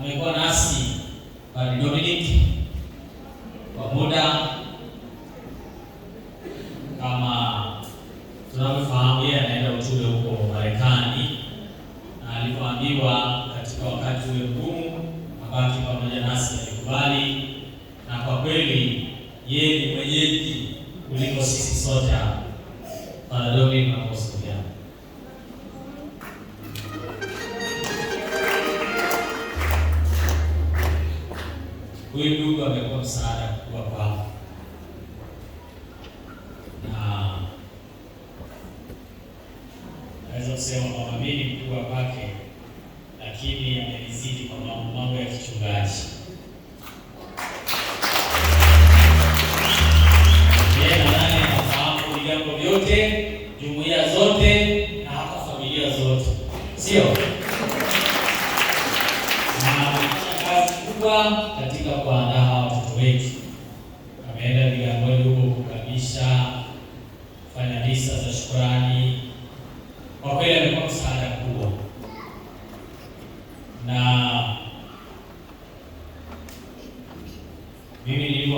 amekuwa nasi Padre Dominic kwa muda kama tunavyofahamu, yeye anaenda utume huko Marekani, na alivyoambiwa katika wakati ule mgumu abaki pamoja nasi alikubali, na kwa kweli yeye ni mwenyeji kuliko sisi sote hapa Padre Dominic kusema Mama Mary mkuu wa kwake, lakini amelizidi kwa mambo ya kichungaji.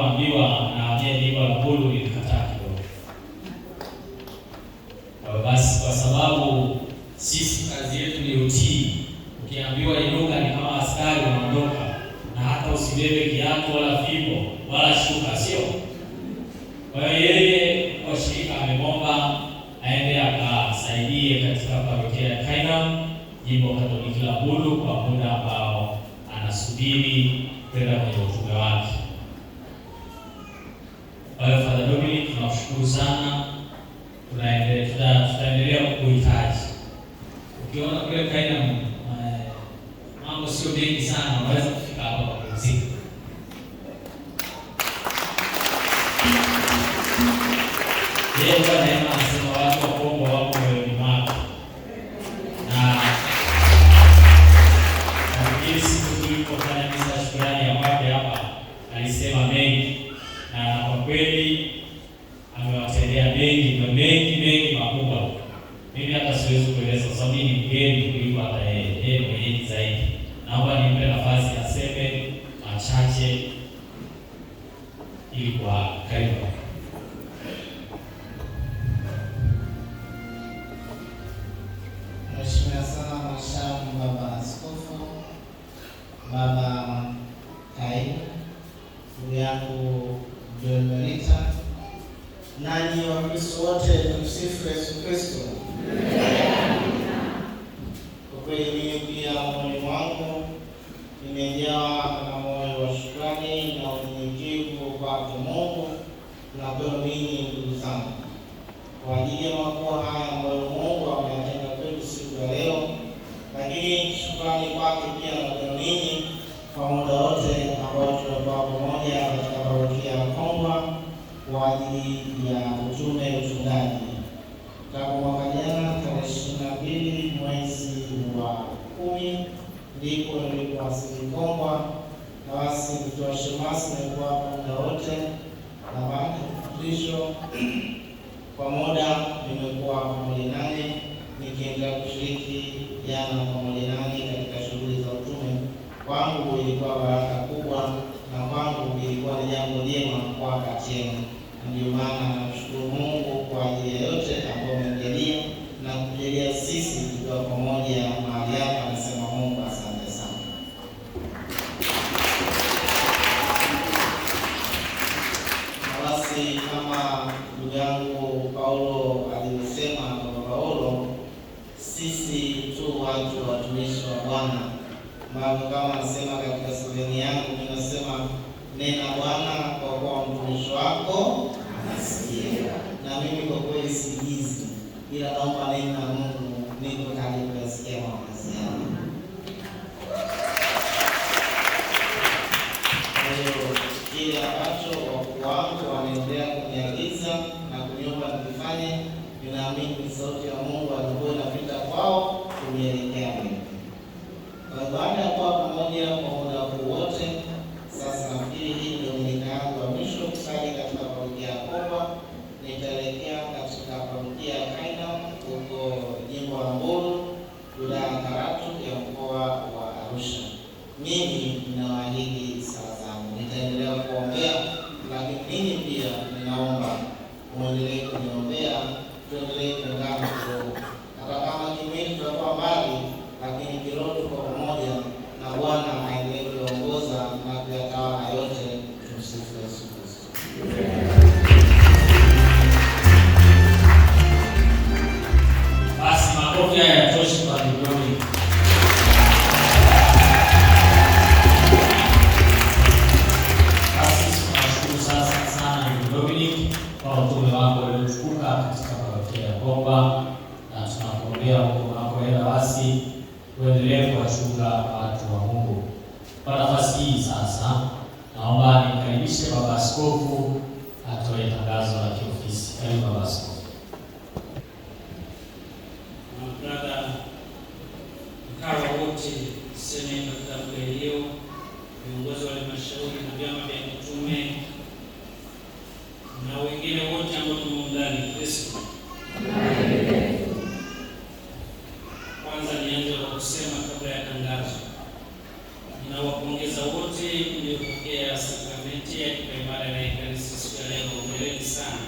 tulivyoambiwa na Jaji Igwa Lugulu 三振以降は彼の kwa ajili ya makuwa haya ambayo Mungu ameyatenga kwetu siku ya leo, lakini shukrani kwake pia na ninyi kwa muda wote ambao tunakuwa pamoja katika parokia ya Kongwa kwa ajili ya utume uchungaji tangu mwaka jana tarehe ishirini na mbili mwezi wa kumi ndipo nilipowasili Kongwa, na basi mtoa shemasi nilikuwa muda wote na baada ya fundisho kwa muda nimekuwa pamoja naye nikiendelea kushiriki jana pamoja naye katika shughuli za utume. Kwangu ilikuwa baraka kubwa na kwangu ilikuwa ni jambo jema kwa kati yenu, ndio maana namshukuru Mungu kwa ajili ya yote ambavyo kama nasema katika semeni yangu ninasema nena Bwana kwa kuwa mtumishi wako nasikia. Na mimi kwa kweli sijizi, ila naomba nena ninawaahidi sasa, nitaendelea kuombea, lakini ninyi pia ninaomba muendelee kuniombea, tuendelee kuungana kuwatakia kwamba na tunakuombea huko unakoenda, basi uendelee kuwachunga watu wa Mungu. Kwa nafasi hii sasa, naomba nimkaribishe Baba Askofu atoe tangazo la kiofisi. Karibu Baba Askofu. Viongozi wa na wengine wote ambao Sauti ilipokea sakramenti ya kipaimara ya Ekaristi siku ya leo. Hongereni sana.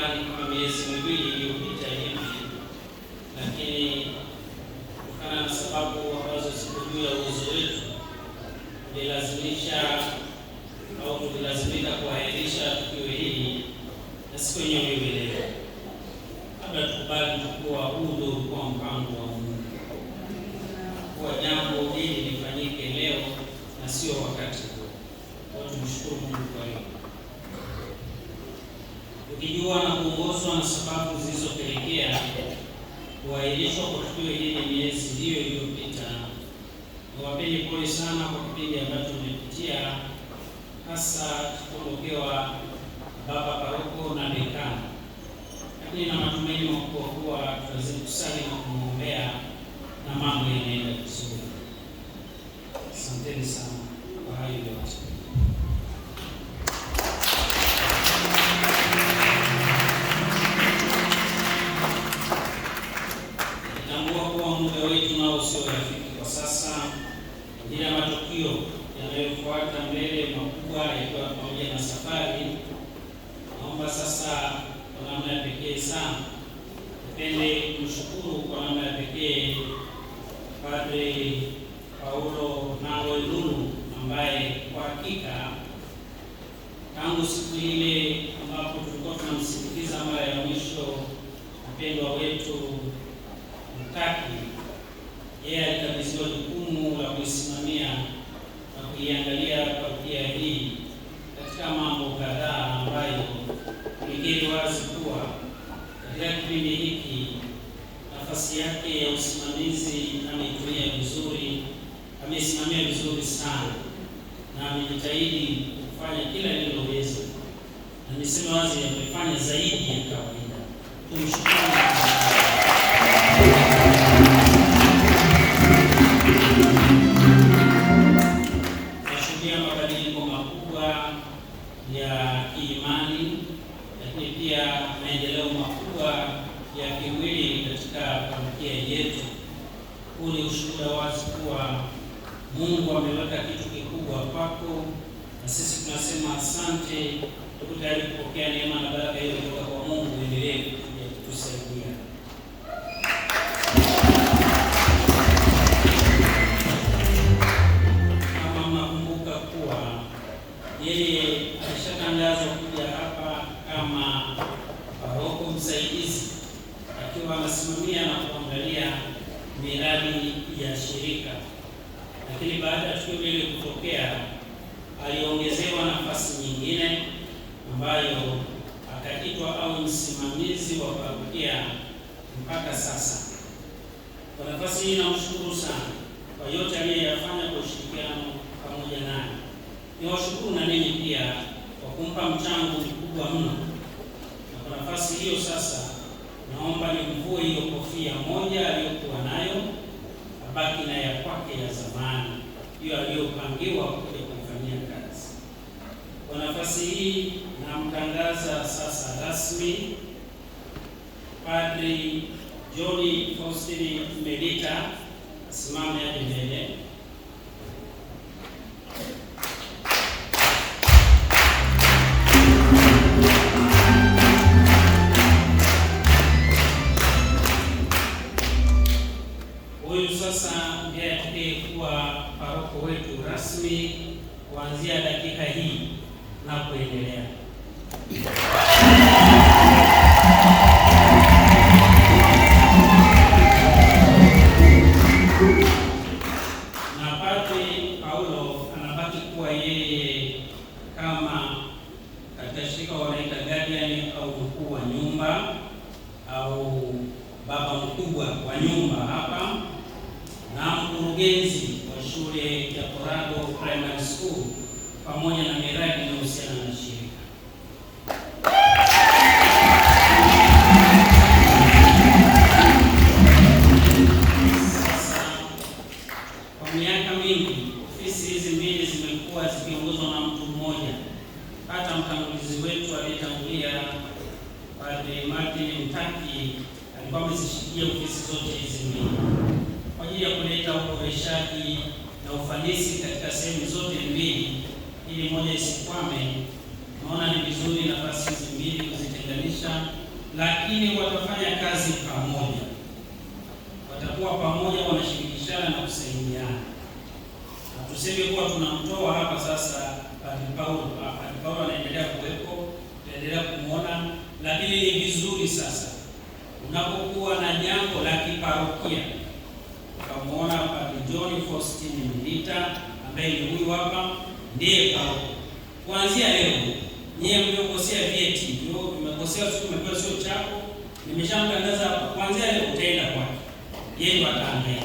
takribani kama miezi miwili iliyopita hivi, lakini kutokana na sababu ambazo ziko juu ya uwezo wetu ulilazimisha au tulilazimika kuahirisha tukio hili na siku yenyewe hivi leo. Labda tukubali kuwa huu ndio ulikuwa mpango wa Mungu, kuwa jambo hili lifanyike leo na sio wakati ukijua na kuongozwa na sababu zilizopelekea kuahirishwa kwa tukio hili miezi hiyo iliyopita. Niwapeni pole sana kwa kipindi ambacho umepitia, hasa tukipondokewa baba paroko na dekana, lakini na matumaini makubwa kuwa tutazidi kusali na kumwombea na mambo yanaenda vizuri. Asanteni sana kwa hayo yote. safari ilikuwa pamoja na safari. Naomba sasa kwa namna ya pekee sana nipende kumshukuru kwa namna ya pekee Padre Paulo Lulu ambaye kwa hakika tangu siku ile ambapo tulikuwa tunamsindikiza mara ya mwisho mpendwa wetu Mkaki, yeye alikabidhiwa jukumu la kuisimamia na kuiangalia parokia katika kipindi hiki nafasi yake ya usimamizi ameitumia vizuri, ameisimamia vizuri sana na amejitahidi kufanya kila lililoweza, na nisema wazi amefanya zaidi ya kawaida. Tumshukuru. kuwa Mungu ameweka kitu kikubwa kwako, na sisi tunasema asante. Tuko tayari kupokea neema na baraka hiyo kutoka kwa Mungu. Endelee kutusaidia. Kwa nafasi hii namshukuru sana kwa yote aliyoyafanya kwa ushirikiano pamoja naye. Niwashukuru na ninyi pia kwa kumpa mchango mkubwa mno, na kwa nafasi hiyo sasa naomba nimvue hiyo kofia moja aliyokuwa nayo, abaki na ya kwake ya zamani, hiyo aliyopangiwa kuja kuifanyia kazi. Kwa nafasi hii namtangaza sasa rasmi Padri John Faustini Melita asimame hadi mbele. Huyu sasa ndiye atakayekuwa paroko wetu rasmi kuanzia dakika hii na kuendelea. wa nyumba hapa na mkurugenzi wa shule ya Korago Primary School pamoja na miradi inayohusiana na shule. wafalme, naona ni vizuri nafasi hizi mbili kuzitenganisha, lakini watafanya kazi pamoja, watakuwa pamoja, wanashirikishana na kusaidiana. Hatuseme kuwa tunamtoa hapa sasa Padre Paulo, Padre Paulo anaendelea kuwepo, tutaendelea kumwona, lakini ni vizuri sasa unapokuwa na jambo la kiparokia ukamwona Padre John Faustine Mlita ambaye ni huyu hapa ndiye paroko kuanzia leo nyewe mliokosea vyeti ndio mmekosea, sio mmepewa, sio chako, nimeshamtangaza hapo. Kuanzia leo utaenda kwake, yeye ndo ataangalia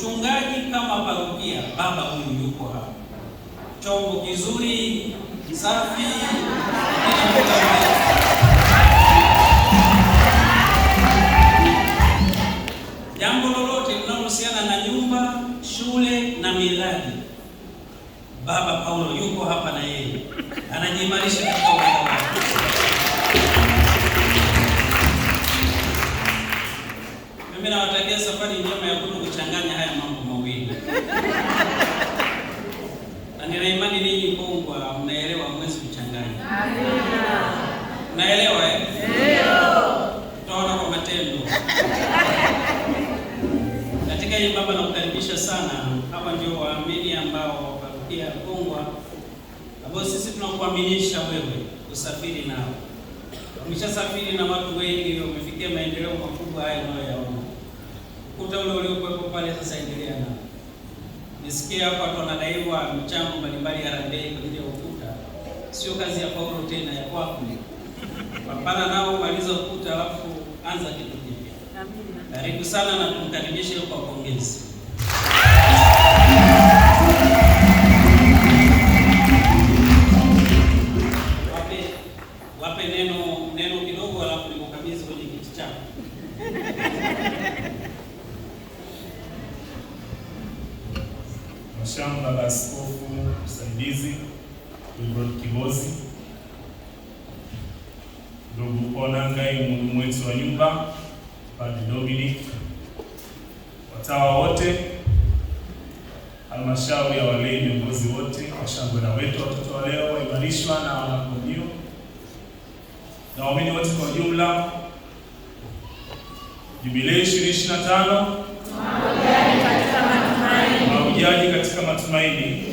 mchungaji kama parokia, baba huyu yuko hapa, chombo kizuri safi jambo lolote linalohusiana na nyumba, shule na miradi, baba Paulo yuko hapa na yeye anajiimarisha katika Mimi nawatakia safari njema ya Mungu kuchanganya haya mambo mawili. Na nina imani ninyi Kongwa mnaelewa mwezi kuchanganya. Amina. Naelewa eh? Ndio. Tutaona kwa matendo. Katika hii baba nakukaribisha sana. Hawa ndio waamini ambao pia Kongwa ambao sisi tunakuaminisha wewe usafiri nao. Umeshasafiri na watu wengi, umefikia maendeleo makubwa haya unayoyaona ukuta ule uliokuwepo pale sasa endelea nao. Nisikia hapa watu wanadaiwa michango mbalimbali ya Harambee kwa ajili ya ukuta. Sio kazi ya Paulo tena, ya kwako. Pambana nao, maliza ukuta, alafu anza kitu kipya. Karibu sana na tumkaribishe kwa pongezi. na waamini wote kwa jumla. Jubilei tano mahujaji katika matumaini.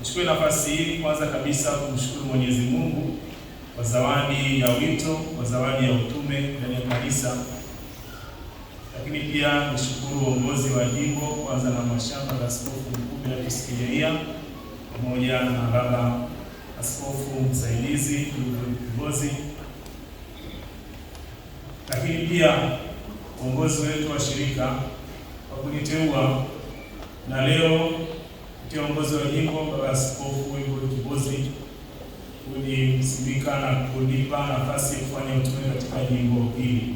Nichukue nafasi hii kwanza kabisa kumshukuru Mwenyezi Mungu kwa zawadi ya wito, kwa zawadi ya utume ndani ya kanisa, lakini pia nishukuru uongozi wa jimbo kwanza na mashamba la askofu mkuu Beatus Kijaia pamoja na baba askofu msaidizi ndugu Kigozi, lakini pia uongozi wetu wa shirika kwa kuniteua na leo kupitia uongozi wa jimbo baba askofu Kigozi kunisimika na kunipa nafasi ya kufanya utume katika jimbo hili.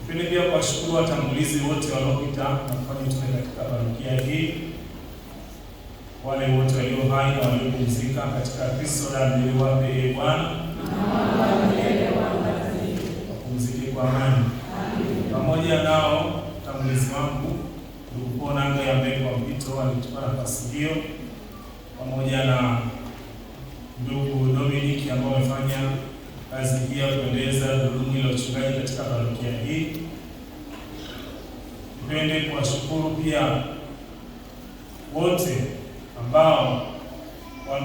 Napenda pia kuwashukuru watangulizi wote wanaopita na kufanya utume katika parokia hii wale wote walio hai na waliopumzika katika Kristo, radhi wape ee Bwana, wapumzike kwa amani pamoja nao. Mtangulizi wangu ndugu Paul Nango ambaye mpito alitupa nafasi hiyo pamoja na ndugu Dominic ambao wamefanya kazi hii ya kuendeleza dhulumi la uchungaji katika parokia hii. Nipende kuwashukuru pia wote ambao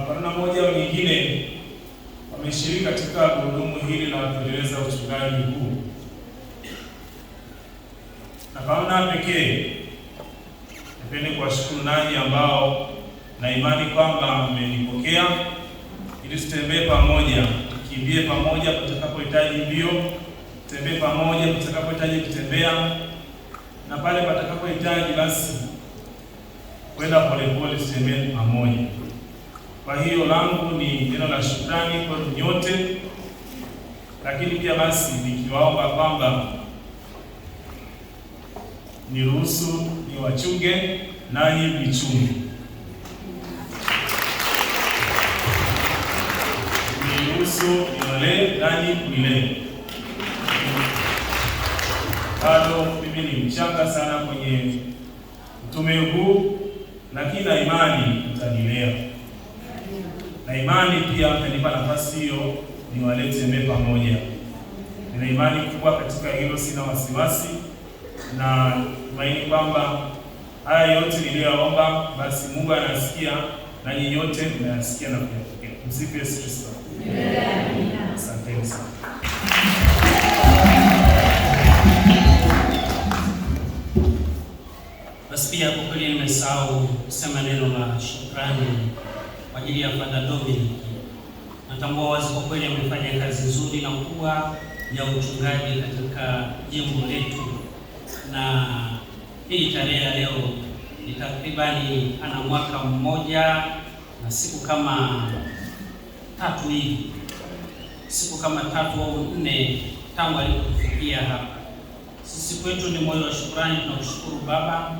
kwa namna moja au nyingine wameshiriki katika gurudumu hili la kuendeleza uchungaji huu, na kwa namna pekee napenda kuwashukuru nanyi ambao na imani kwamba mmenipokea ili tutembee pamoja, tukimbie pamoja tutakapohitaji mbio, tutembee pamoja tutakapohitaji kutembea, na pale patakapohitaji basi kwenda polepole semeni pamoja. Kwa hiyo langu ni neno la shukrani kwenu nyote, lakini pia basi nikiwaomba kwamba niruhusu niwachunge nanyi mlichunge, niruhusu niwalee nanyi mlilee. Bado mimi ni mchanga sana kwenye utume huu lakini na imani mtanilea, na imani pia mtanipa nafasi hiyo niwalete mbele pamoja. Nina imani kubwa katika hilo, sina wasiwasi na tumaini kwamba haya yote niliyoomba, basi Mungu anasikia na nyinyi nyote mnayasikia na kuyapokea. Msifu Yesu Kristo. Asanteni sana. Basi pia kwa kweli nimesahau kusema neno la shukrani kwa ajili ya Father Dominic. Natambua wazi kwa kweli amefanya kazi nzuri na kuwa ya uchungaji katika jimbo letu, na hii tarehe ya leo ni takribani ana mwaka mmoja na siku kama tatu hivi, siku kama tatu au nne tangu alipofikia hapa. Sisi kwetu ni moyo wa shukrani, tunakushukuru Baba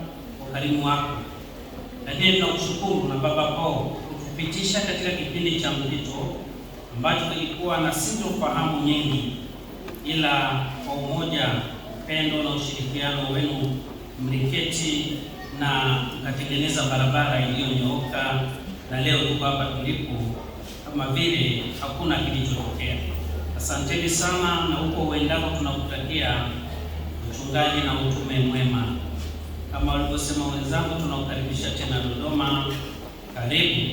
ukarimu wako, na tunakushukuru na Baba kwa kutupitisha katika kipindi cha mpito ambacho kilikuwa na sintofahamu nyingi, ila kwa umoja, upendo na ushirikiano wenu mliketi na mkatengeneza barabara iliyonyooka, na leo tuko hapa tulipo kama vile hakuna kilichotokea. Asanteni sana, na huko uendako tunakutakia uchungaji na utume mwema. Kama walivyosema wenzangu, tunakukaribisha tena Dodoma. Karibu.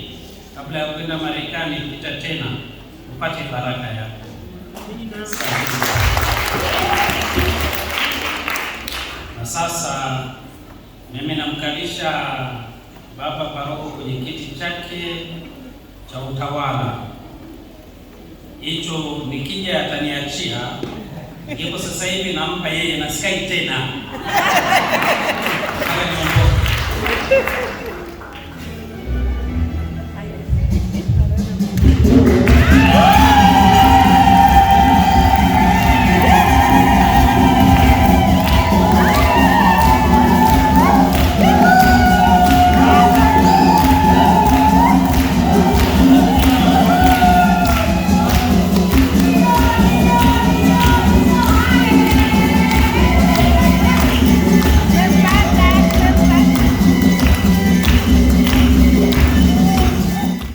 Kabla ya kwenda Marekani, pita tena upate baraka yako. Na sasa mimi namkalisha baba paroko kwenye kiti chake cha utawala. Hicho nikija ataniachia yuko sasa hivi nampa yeye na Sky tena